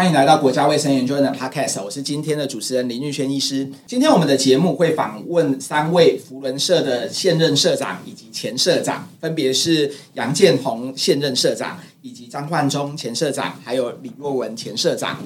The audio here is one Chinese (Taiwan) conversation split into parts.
歡迎來到國家衛生研究院的 Podcast，我是今天的主持人林玉軒醫師。今天我們的節目會訪問三位扶輪社的現任社長以及前社長，分別是楊健宏現任社長，以及詹煥忠前社長，還有李若文前社長。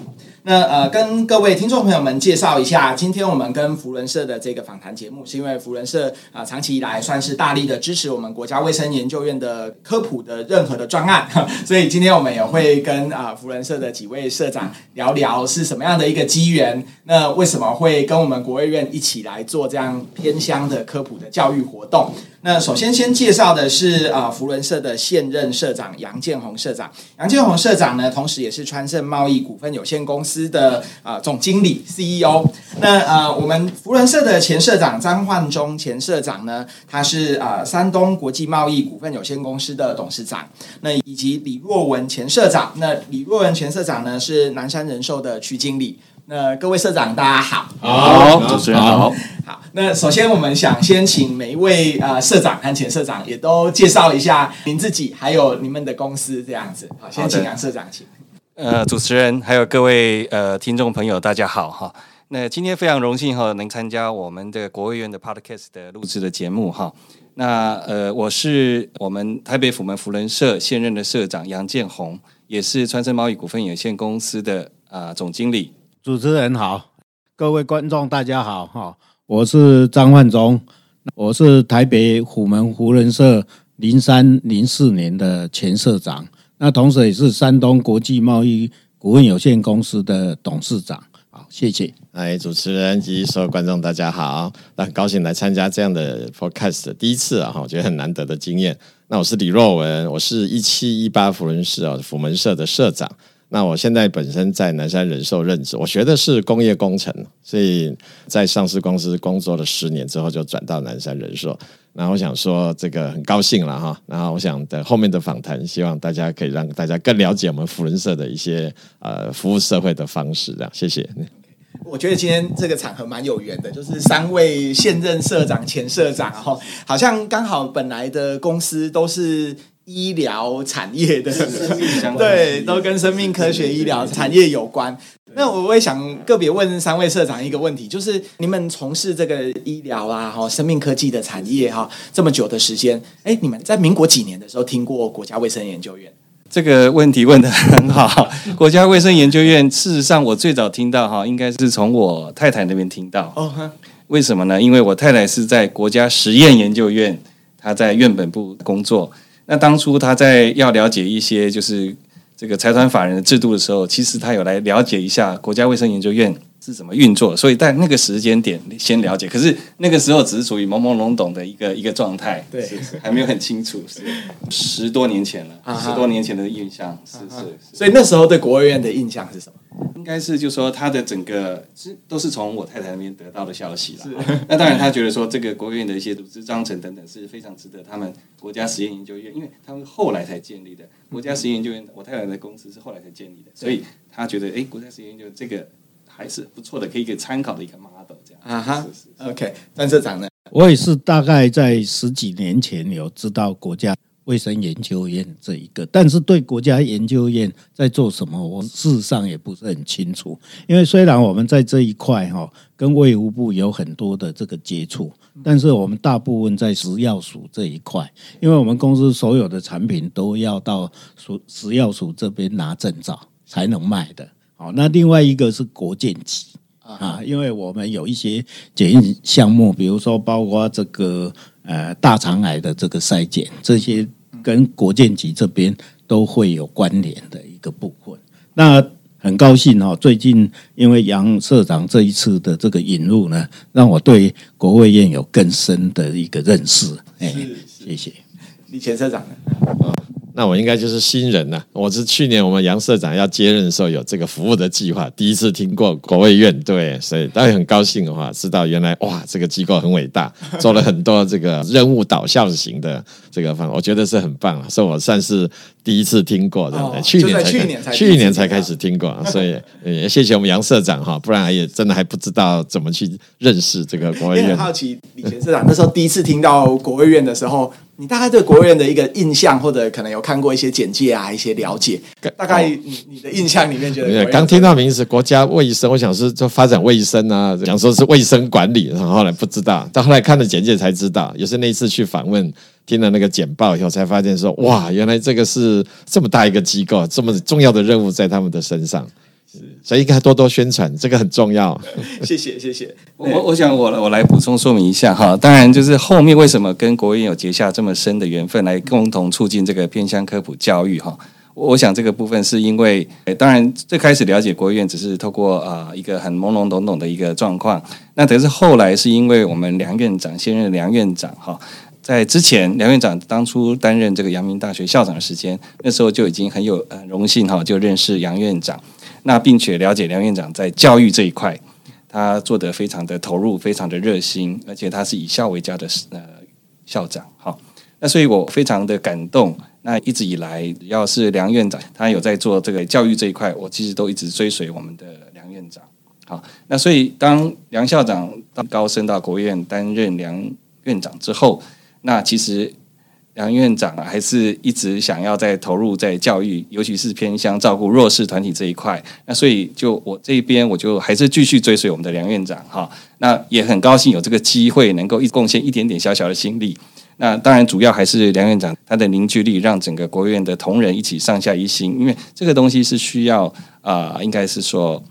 那呃，跟各位聽眾朋友們介紹一下，今天我們跟扶輪社的這個訪談節目，是因為扶輪社啊、呃、長期以來算是大力的支持我們國家衛生研究院的科普的任何的專案，所以今天我們也會跟啊、呃、扶輪社的幾位社長聊聊是什麼樣的一個機緣，那為什麼會跟我們國衛院一起來做這樣偏鄉的科普的教育活動？那首先先介紹的是啊、呃、扶輪社的現任社長楊健宏社長，楊健宏社長，楊健宏社長呢，同時也是川盛貿易股份有限公司。司的啊、呃、總經理 CEO，那呃，我們扶輪社的前社長詹煥忠前社長呢，他是啊、呃、山東國際貿易股份有限公司的董事長，那以及李若文前社長，那李若文前社長呢是南山人壽的區經理。那各位社長大家好，好好，好，好，好，好，好，好，好，好，那首先我們想先請每一位、呃、社長和前社長也都介紹一下您自己，還有你們的公司這樣子。好，先請楊社長請。呃，主持人還有各位呃聽眾朋友，大家好哈、哦。那今天非常榮幸哈、哦，能參加我們的國衛院的 Podcast 的錄製的節目哈、哦。那呃，我是我們台北府門扶輪社現任的社長楊健宏，也是川生貿易股份有限公司的啊、呃、總經理。主持人好，各位觀眾大家好哈、哦，我是詹煥忠，我是台北府門扶輪社零三零四年的前社長。那同時也是山東國際貿易股份有限公司的董事長。好，謝謝。哎，主持人及所有觀眾，大家好，那很高興來參加這樣的 podcast 第一次啊，我覺得很難得的經驗。那我是李若文，我是一七一八福門社府門社的社長。那我現在本身在南山人壽任職，我學的是工業工程，所以在上市公司工作了十年之後，就轉到南山人壽。那我想說，這個很高興了哈。然後我想在後面的訪談，希望大家可以讓大家更了解我們扶輪社的一些呃服務社會的方式。這樣，謝謝。我覺得今天這個場合蠻有緣的，就是三位現任社長、前社長，哈，好像剛好本來的公司都是。醫療產業的，是生命相關的事業，對，都跟生命科學、醫療產業有關。那我也想個別問三位社長一個問題，就是你們從事這個醫療啊、生命科技的產業哈這麼久的時間，哎、欸，你們在民國幾年的時候聽過國家衛生研究院？這個問題問得很好。國家衛生研究院事實上，我最早聽到哈，應該是從我太太那邊聽到。哦，為什麼呢？因為我太太是在國家實驗研究院，她在院本部工作。那當初他在要了解一些就是這個財團法人的制度的時候，其實他有來了解一下國家衛生研究院是怎麼運作，所以在那個時間點先了解，可是那個時候只是處於懵懵懂懂的一個一個狀態，對是，還沒有很清楚， 十多年前了，uh -huh. 十多年前的印象是，uh -huh. 是，是，是，所以那時候對國衛院的印象是什麼？應該是就是說他的整個是都是從我太太那邊得到的消息了。那當然他覺得說，這個國衛院的一些組織章程等等是非常值得他們國家實驗研究院，因為他們後來才建立的國家實驗研究院，我太太的公司是後來才建立的，所以他覺得誒、欸，國家實驗研究這個還是不錯的，可以參考的一個 model 這樣。啊哈，是是是，OK，詹社長呢？我也是大概在十幾年前有知道國家。衛生研究院這一個，但是對國家研究院在做什麼，我事實上也不是很清楚。因為雖然我們在這一塊哈，跟衛福部有很多的這個接觸，但是我們大部分在食藥署這一塊，因為我們公司所有的產品都要到食藥署這邊拿證照才能賣的。好，那另外一個是國健局啊，因為我們有一些檢驗項目，比如說包括這個呃大腸癌的這個篩檢這些。跟國建局這邊都會有關聯的一個部分。那很高興哦，最近因為楊社長這一次的這個引入呢，讓我對國衛院有更深的一個認識。哎、欸，謝謝。李前社長、啊哦，那我應該就是新人了、啊。我是去年我們楊社長要接任的時候有這個服務的計劃，第一次聽過國衛院，對，所以當然很高興的話，知道原來哇，這個機構很偉大，做了很多這個任務導向型的。 這個我覺得是很棒啊，是我算是第一次聽過，的、哦、不去年才去年才去年才開始聽過， 所以也謝謝我們楊社長哈，不然也真的還不知道怎麼去認識這個國衛院。好奇李前社長那時候第一次聽到國衛院的時候，你大概對國衛院的一個印象，或者可能有看過一些簡介啊，一些了解，大概你的印象裡面覺得？剛聽到名字，國家衛生，我想是說發展衛生啊，講、這個、說是衛生管理，然後後來不知道，到後來看了簡介才知道，也是那一次去訪問。聽了那個簡報以後，才發現說哇，原來這個是這麼大一個機構，這麼重要的任務在他們的身上，所以應該多多宣傳，這個很重要 謝謝謝謝，我我想我我來補充說明一下哈，當然就是後面為什麼跟國衛院有結下這麼深的緣分，來共同促進這個偏鄉科普教育哈，我想這個部分是因為，當然最開始了解國衛院只是透過啊一個很懵懵懂懂的一個狀況，那等於是後來是因為我們梁院長，現任梁院長哈。在之前，梁院長當初擔任這個陽明大學校長的時間，那時候就已經很有榮幸哈，就認識梁院長。那並且了解梁院長在教育這一塊，他做得非常的投入，非常的熱心，而且他是以校為家的呃校長。好，那所以我非常的感動。那一直以來，只要是梁院長他有在做這個教育這一塊，我其實都一直追隨我們的梁院長。好，那所以當梁校長到高升到國衛院擔任梁院長之後。那其實梁院長啊，還是一直想要在投入在教育，尤其是偏向照顧弱勢團體這一塊。那所以就我這一邊，我就還是繼續追隨我們的梁院長哈。那也很高興有這個機會，能夠一貢獻一點點小小的心力。那當然，主要還是梁院長他的凝聚力，讓整個國衛院的同仁一起上下一心，因為這個東西是需要啊、呃，應該是說，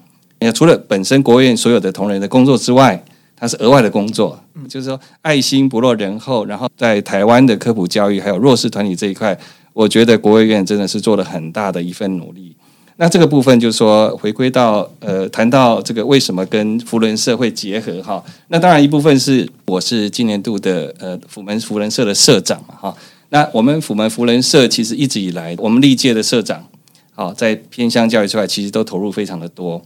除了本身國衛院所有的同仁的工作之外，那是額外的工作，就是說愛心不落人後。然後在台灣的科普教育還有弱勢團體這一塊，我覺得國衛院真的是做了很大的一份努力。那這個部分就是說，回歸到呃，談到這個為什麼跟扶輪社結合哈、哦？那當然一部分是我是今年度的呃，府門扶輪社的社長嘛哈、哦。那我們府門扶輪社其實一直以來，我們歷屆的社長好、哦、在偏鄉教育之外，其實都投入非常的多，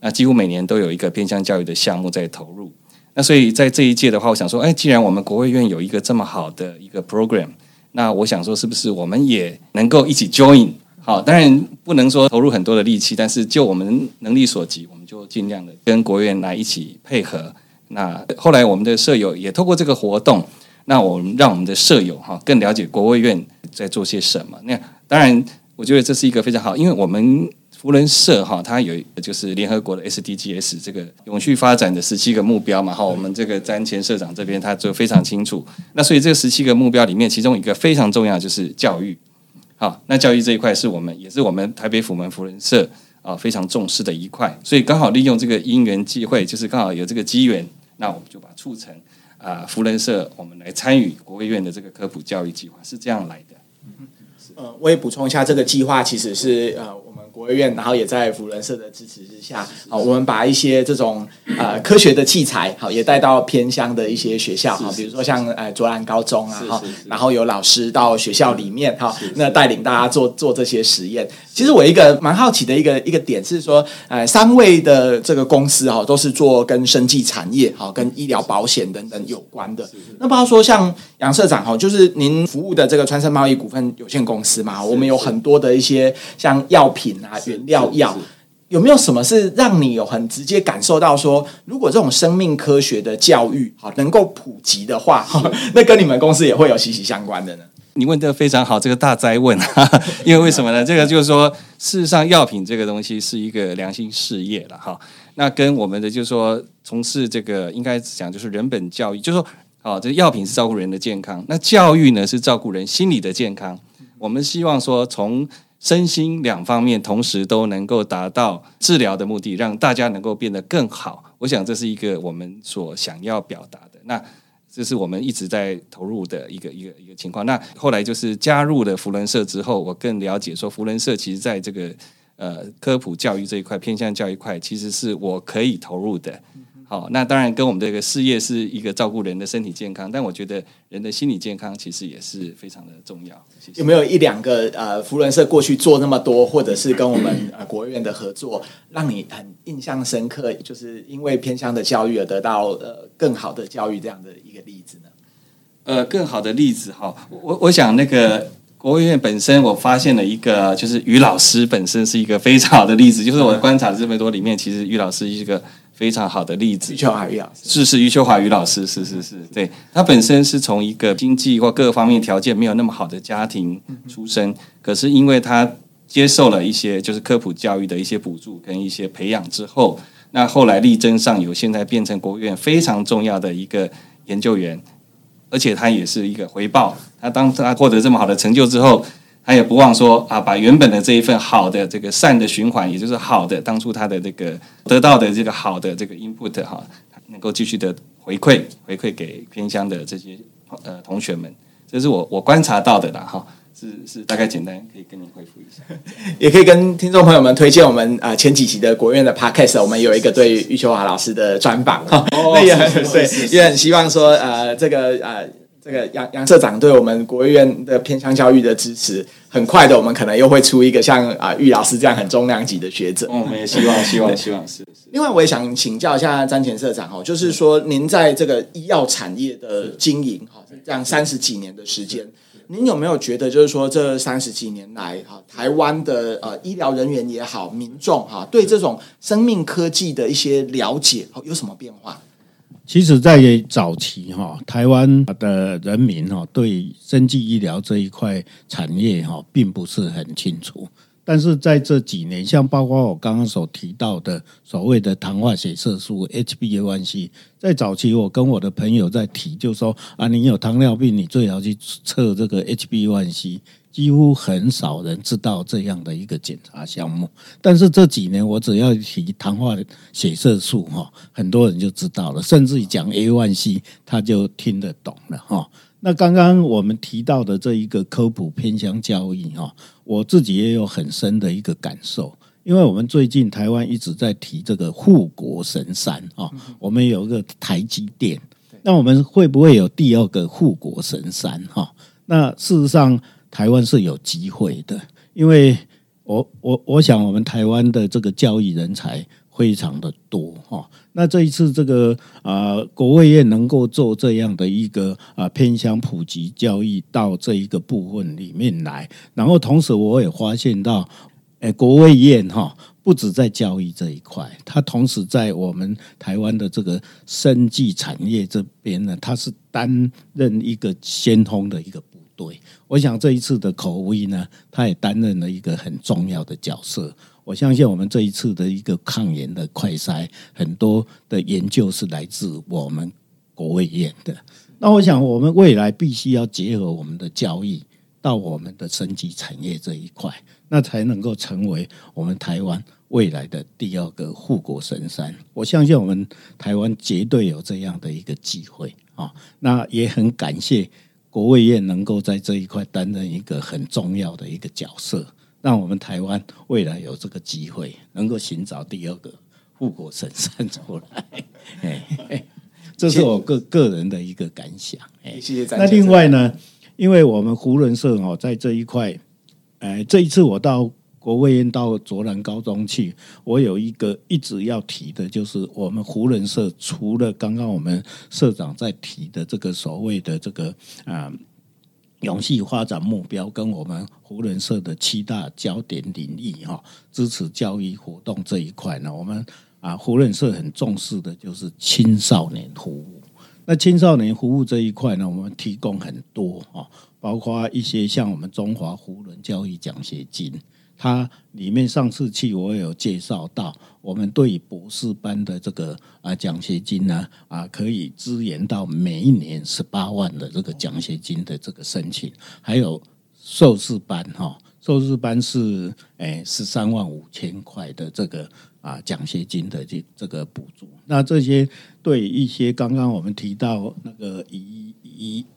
那幾乎每年都有一個偏鄉教育的項目在投入。那所以在這一屆的話，我想說，哎，既然我們國衛院有一個這麼好的一個 program，那我想說，是不是我們也能夠一起 join？好，當然不能說投入很多的力氣，但是就我們能力所及，我們就儘量的跟國衛院來一起配合。那後來我們的社友也透過這個活動，那我們讓我們的社友哈更了解國衛院在做些什麼。那當然，我覺得這是一個非常好，因為我們。扶輪社哈，它有就是聯合國的 SDGs 這個永續發展的十七個目標嘛哈，我們這個詹前社長這邊他就非常清楚。那所以這個十七個目標裡面，其中一個非常重要就是教育。好，那教育這一塊是我們也是我們台北府門扶輪社啊非常重視的一塊，所以剛好利用這個因緣際會，就是剛好有這個機緣，那我們就把促成啊扶、呃、輪社我們來參與國衛院的這個科普教育計劃，是這樣來的。呃，我也補充一下，這個計劃其實是呃。國衛院，然後也在扶輪社的支持之下，好、哦，我們把一些這種呃科學的器材，好、哦，也帶到偏鄉的一些學校，哈，比如說像呃卓蘭高中啊，哈，然後有老師到學校裡面，哈、哦，那帶領大家做做這些實驗。其實我一個蠻好奇的一個一個點是說，呃，三位的這個公司哈、哦，都是做跟生技產業哈、哦、跟醫療保險等等有關的。是是是那不要說，像楊社長哈、哦，就是您服務的這個川生貿易股份有限公司嘛，是是我們有很多的一些像藥品啊、是是原料藥，是是是有沒有什麼是讓你有很直接感受到說，如果這種生命科學的教育，哈能夠普及的話，是是、哦，那跟你們公司也會有息息相關的呢？你問的非常好，這個大哉問、啊，因為為什麼呢？這個就是說，事實上，藥品這個東西是一個良心事業了，哈。那跟我們的就是說，從事這個應該講就是人本教育，就是說，好、哦、這藥品是照顧人的健康，那教育呢是照顧人心理的健康。我們希望說，從身心兩方面同時都能夠達到治療的目的，讓大家能夠變得更好。我想這是一個我們所想要表達的。那。這是我們一直在投入的一個一個一個情況。那後來就是加入了扶輪社之後，我更了解說扶輪社其實在這個呃科普教育這一塊，偏向教育塊，其實是我可以投入的。好，那當然跟我們這個事業是一個照顧人的身體健康，但我覺得人的心理健康其實也是非常的重要。謝謝。有沒有一兩個呃，扶輪社過去做那麼多，或者是跟我們呃國衛院的合作，讓你很印象深刻？就是因為偏向的教育而得到呃更好的教育這樣的一個例子呢？呃，更好的例子哈、哦，我我想那個國衛院本身，我發現了一個，就是喻老師本身是一個非常好的例子，就是我觀察這麼多裡面，其實喻老師一個。非常好的例子，喻秋華喻老師。是是喻秋華喻老師。是是是，是對，他本身是從一個經濟或各方面條件沒有那麼好的家庭出身，嗯，可是因為他接受了一些就是科普教育的一些補助跟一些培養之後，那後來力爭上游，現在變成國衛院非常重要的一個研究員，而且他也是一個回報，他當他獲得這麼好的成就之後。他也不忘說啊，把原本的這一份好的這個善的循環，也就是好的當初他的這個得到的這個好的這個 input 哈、啊，能夠繼續的回饋回饋給偏鄉的這些呃同學們，這是我我觀察到的啦哈、啊，是是大概簡單可以跟你回復一下，也可以跟聽眾朋友們推薦我們啊、呃、前幾期的國院的 podcast，是是是是我們有一個對於喻秋華老師的專訪哈，那、哦、也很很也很希望說呃是是是這個呃這個楊楊社長對我們國衛院的偏向教育的支持，很快的，我們可能又會出一個像啊、呃、喻老師這樣很重量級的學者。嗯，我們也希望，希望，希望是。另外，我也想請教一下詹前社長哈、哦，就是說您在這個醫藥產業的經營哈、哦，這樣三十幾年的時間，您有沒有覺得就是說這三十幾年來哈、哦，臺灣的呃醫療人員也好，民眾哈、哦，對這種生命科技的一些了解，哦、有什麼變化？其實，在早期哈，台灣的人民哈對生技醫療這一塊產業哈，並不是很清楚。但是在這幾年，像包括我剛剛所提到的所謂的糖化血色素 HbA1c，在早期我跟我的朋友在提，就說啊，你有糖尿病，你最好去測這個 HbA1c，幾乎很少人知道這樣的一個檢查項目。但是這幾年，我只要提糖化血色素哈，很多人就知道了，甚至講 A1c，他就聽得懂了哈。那剛剛我們提到的這一個科普偏鄉教育哈，我自己也有很深的一個感受，因為我們最近台灣一直在提這個護國神山哈，我們有一個台積電，那我們會不會有第二個護國神山哈？那事實上台灣是有機會的，因為我我我想我們台灣的這個教育人才。非常的多哈，那這一次這個啊、呃、國衛院能夠做這樣的一個啊、呃、偏向普及教育到這一個部分裡面來，然後同時我也發現到，哎、欸、國衛院哈不止，在教育這一塊，它同時在我們台灣的這個生技產業這邊呢，它是擔任一個先鋒的一個部隊。我想這一次的 COVID 呢，他也擔任了一個很重要的角色。我相信我們這一次的一個抗炎的快篩，很多的研究是來自我們國衛院的。那我想，我們未來必須要結合我們的交易到我們的生技產業這一塊，那才能夠成為我們台灣未來的第二個護國神山。我相信，我們台灣絕對有這樣的一個機會啊！那也很感謝國衛院能夠在這一塊擔任一個很重要的一個角色。讓我們台灣未來有這個機會，能夠尋找第二個護國神山出來。哎，這是我個個人的一個感想。謝謝。那另外呢，因為我們扶輪社哦，在這一塊，哎、呃，這一次我到國衛院、到卓蘭高中去，我有一個一直要提的，就是我們扶輪社除了剛剛我們社長在提的這個所謂的這個啊。呃永續發展目標跟我們扶輪社的七大焦點領域哈、哦，支持教育活動這一塊呢，我們啊扶輪社很重視的就是青少年服務。那青少年服務這一塊呢，我們提供很多哈、哦，包括一些像我們中華扶輪教育獎學金。它裡面上次去我有介紹到，我們對博士班的這個啊獎學金呢啊可以支援到每一年十八萬的這個獎學金的這個申請，還有碩士班哈，碩士班是誒十三萬五千塊的這個。啊，獎學金的這這個補助，那這些對一些剛剛我們提到那個一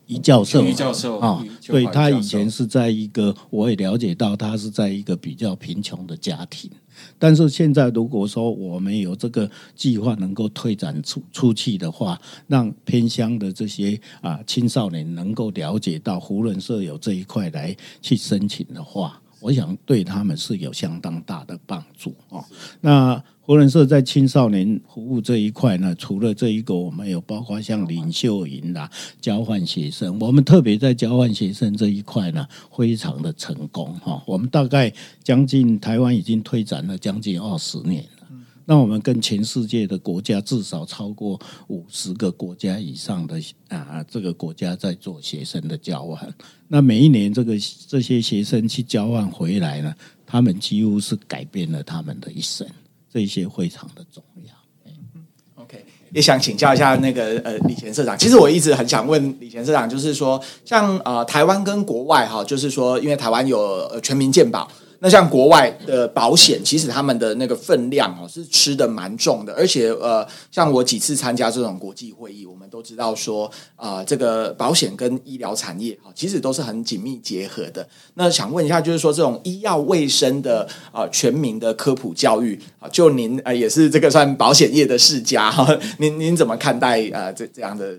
喻教授，喻教授啊、哦，對，他以前是在一個，我也了解到他是在一個比較貧窮的家庭，但是現在如果說我們有這個計劃能夠推展出出去的話，讓偏鄉的這些啊青少年能夠了解到扶輪社有這一塊來去申請的話。我想對他們是有相當大的幫助哦、喔。那扶輪社在青少年服務這一塊呢，除了這一個，我們有包括像領袖營啦、交換學生，我們特別在交換學生這一塊呢，非常的成功哈、喔。我們大概將近台灣已經推展了將近二十年。那我們跟全世界的國家至少超過五十個國家以上的啊，這個國家在做學生的交換。那每一年這個這些學生去交換回來呢，他們幾乎是改變了他們的一生，這些非常的重要。OK，也想請教一下那個呃李前社長，其實我一直很想問李前社長就、呃，就是說像啊台灣跟國外哈，就是說因為台灣有全民健保。那像國外的保險，其實他們的那個分量哦是吃得蠻重的，而且呃，像我幾次參加這種國際會議，我們都知道說啊、呃，這個保險跟醫療產業啊，其實都是很緊密結合的。那想問一下，就是說這種醫藥衛生的啊、呃，全民的科普教育啊，就您啊、呃，也是這個算保險業的世家，呵呵您您怎麼看待啊、呃、這這樣的？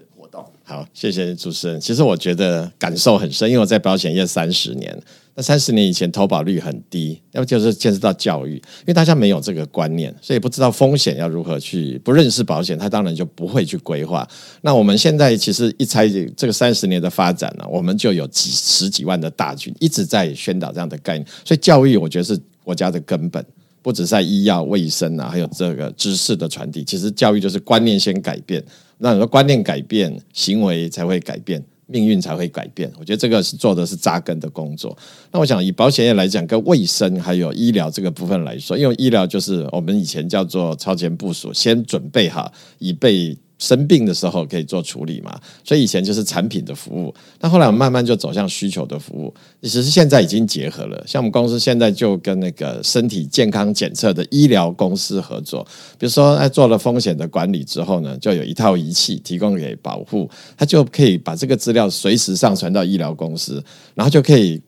好，謝謝主持人。其實我覺得感受很深，因為我在保險業三十年，那三十年以前投保率很低，要不就是牽涉到教育，因為大家沒有這個觀念，所以不知道風險要如何去，不認識保險，他當然就不會去規劃。那我們現在其實一猜這個三十年的發展呢、啊，我們就有幾十幾萬的大軍一直在宣導這樣的概念，所以教育我覺得是國家的根本，不只是在醫藥衛生啊，還有這個知識的傳遞，其實教育就是觀念先改變。讓你的觀念改變，行為才會改變，命運才會改變。我覺得這個是做的是扎根的工作。那我想以保險業來講，跟衛生還有醫療這個部分來說，因為醫療就是我們以前叫做超前部署，先準備好以備。生病的時候可以做處理嘛。所以以前就是產品的服務，那後來我們慢慢就走向需求的服務，其實現在已經結合了。像我們公司現在就跟那個身體健康檢測的醫療公司合作，比如說在做了風險的管理之後呢，就有一套儀器提供給保護，他就可以把這個資料隨時上傳到醫療公司，然後就可以。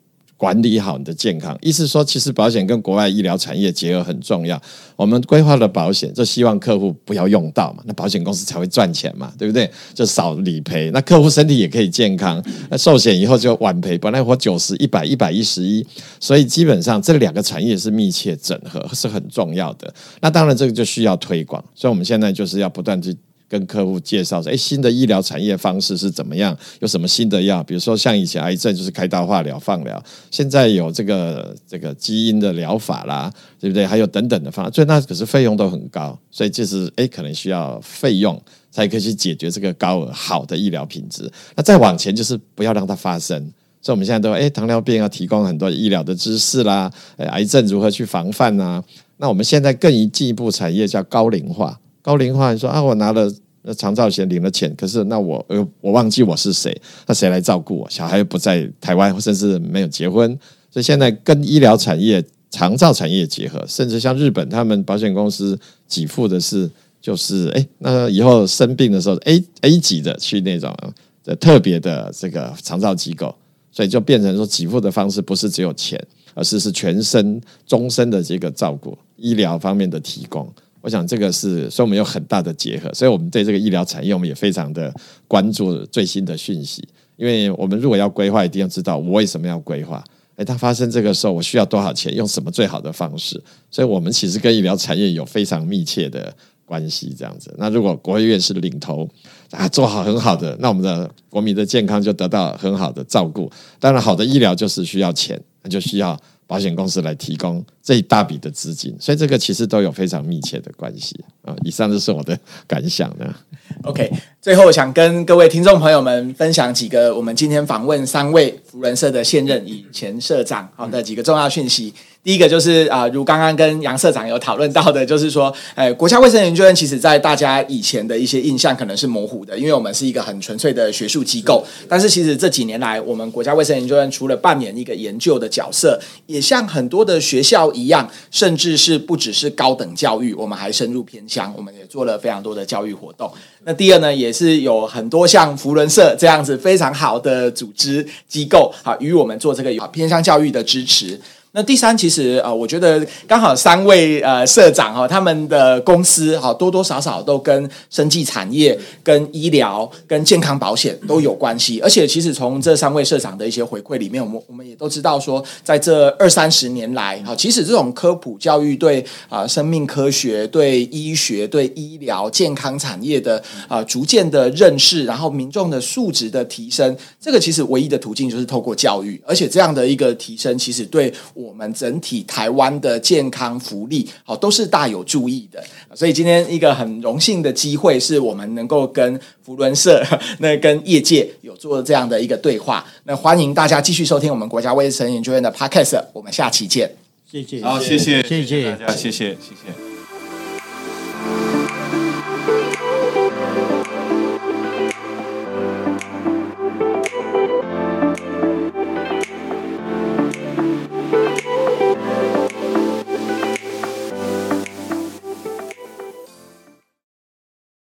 管理好你的健康，意思說，其實保險跟國外醫療產業結合很重要。我們規劃了保險，就希望客戶不要用到嘛，那保險公司才會賺錢嘛，對不對？就少理賠，那客戶身體也可以健康。那壽險以後就晚賠，本來活九十、一百、一百一十一，所以基本上這兩個產業是密切整合，是很重要的。那當然這個就需要推廣，所以我們現在就是要不斷去。跟客戶介紹說：“哎，新的醫療產業方式是怎麼樣？有什麼新的藥？比如說像以前癌症就是開刀、化療、放療，現在有這個這個基因的療法啦，對不對？還有等等的方法，所以那可是費用都很高，所以就是誒，可能需要費用才可以去解決這個高額好的醫療品質。那再往前就是不要讓它發生，所以我們現在都誒，糖尿病要提供很多醫療的知識啦，癌症如何去防範吶、啊。那我們現在更一進一步產業叫高齡化。”高齡化說，你說啊，我拿了長照險，領了錢，可是那我呃，我忘記我是誰，那誰來照顧我？小孩又不在台灣，甚至沒有結婚，所以現在跟醫療產業、長照產業結合，甚至像日本，他們保險公司給付的是，就是哎，那以後生病的時候，A A 級的去那種的特別的這個長照機構，所以就變成說給付的方式不是只有錢，而是是全身、終身的這個照顧、醫療方面的提供。我想這個是，所以我們有很大的結合，所以我們對這個醫療產業，我們也非常的關注最新的訊息。因為我們如果要規劃，一定要知道我為什麼要規劃。誒、欸，它發生這個時候，我需要多少錢？用什麼最好的方式？所以我們其實跟醫療產業有非常密切的關係，這樣子。那如果國衛院是領頭。啊，做好很好的，那我們的國民的健康就得到很好的照顧。當然，好的醫療就是需要錢，那就需要保險公司來提供這一大筆的資金。所以，這個其實都有非常密切的關係啊。以上就是我的感想呢。OK，最後我想跟各位聽眾朋友們分享幾個我們今天訪問三位扶輪社的現任以前社長好的幾個重要訊息。第一個就是啊、呃，如剛剛跟楊社長有討論到的，就是說，哎，國家衛生研究院其實在大家以前的一些印象可能是模糊。因為我們是一個很純粹的學術機構，但是其實這幾年來，我們國家衛生研究院除了扮演一個研究的角色，也像很多的學校一樣，甚至是不只是高等教育，我們還深入偏鄉，我們也做了非常多的教育活動。那第二呢，也是有很多像扶輪社這樣子非常好的組織機構，好、啊、與我們做這個有偏鄉教育的支持。那第三，其實呃，我覺得剛好三位呃社長哈、哦，他們的公司哈、哦，多多少少都跟生技產業、跟醫療、跟健康保險都有關係。而且，其實從這三位社長的一些回饋裡面，我們我們也都知道說，在這二三十年來哈、哦，其實這種科普教育對啊、呃、生命科學、對醫學、對醫療健康產業的啊、呃、逐漸的認識，然後民眾的素質的提升，這個其實唯一的途徑就是透過教育。而且，這樣的一個提升，其實對。我們整體台灣的健康福利，好，都是大有助益的。所以今天一個很榮幸的機會，是我們能夠跟扶輪社，那跟業界有做這樣的一個對話。那歡迎大家繼續收聽我們國家衛生研究院的 Podcast。我們下期見，謝謝。好，謝謝，謝謝大家，謝謝，謝謝。謝謝謝謝謝謝謝謝。